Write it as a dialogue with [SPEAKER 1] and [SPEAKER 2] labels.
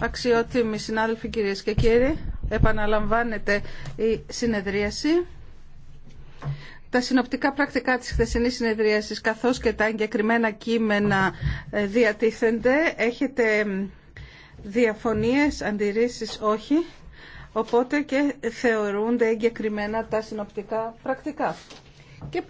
[SPEAKER 1] αξιότιμοι συνάδελφοι κυρίες και κύριοι επαναλαμβάνεται η συνεδρίαση. Τα συνοπτικά πρακτικά της χθεσινής συνεδρίασης καθώς και τα εγκεκριμένα κείμενα ε, διατίθενται. Έχετε διαφωνίες, αντιρρήσεις, όχι. Οπότε και θεωρούνται εγκεκριμένα τα συνοπτικά πρακτικά. Και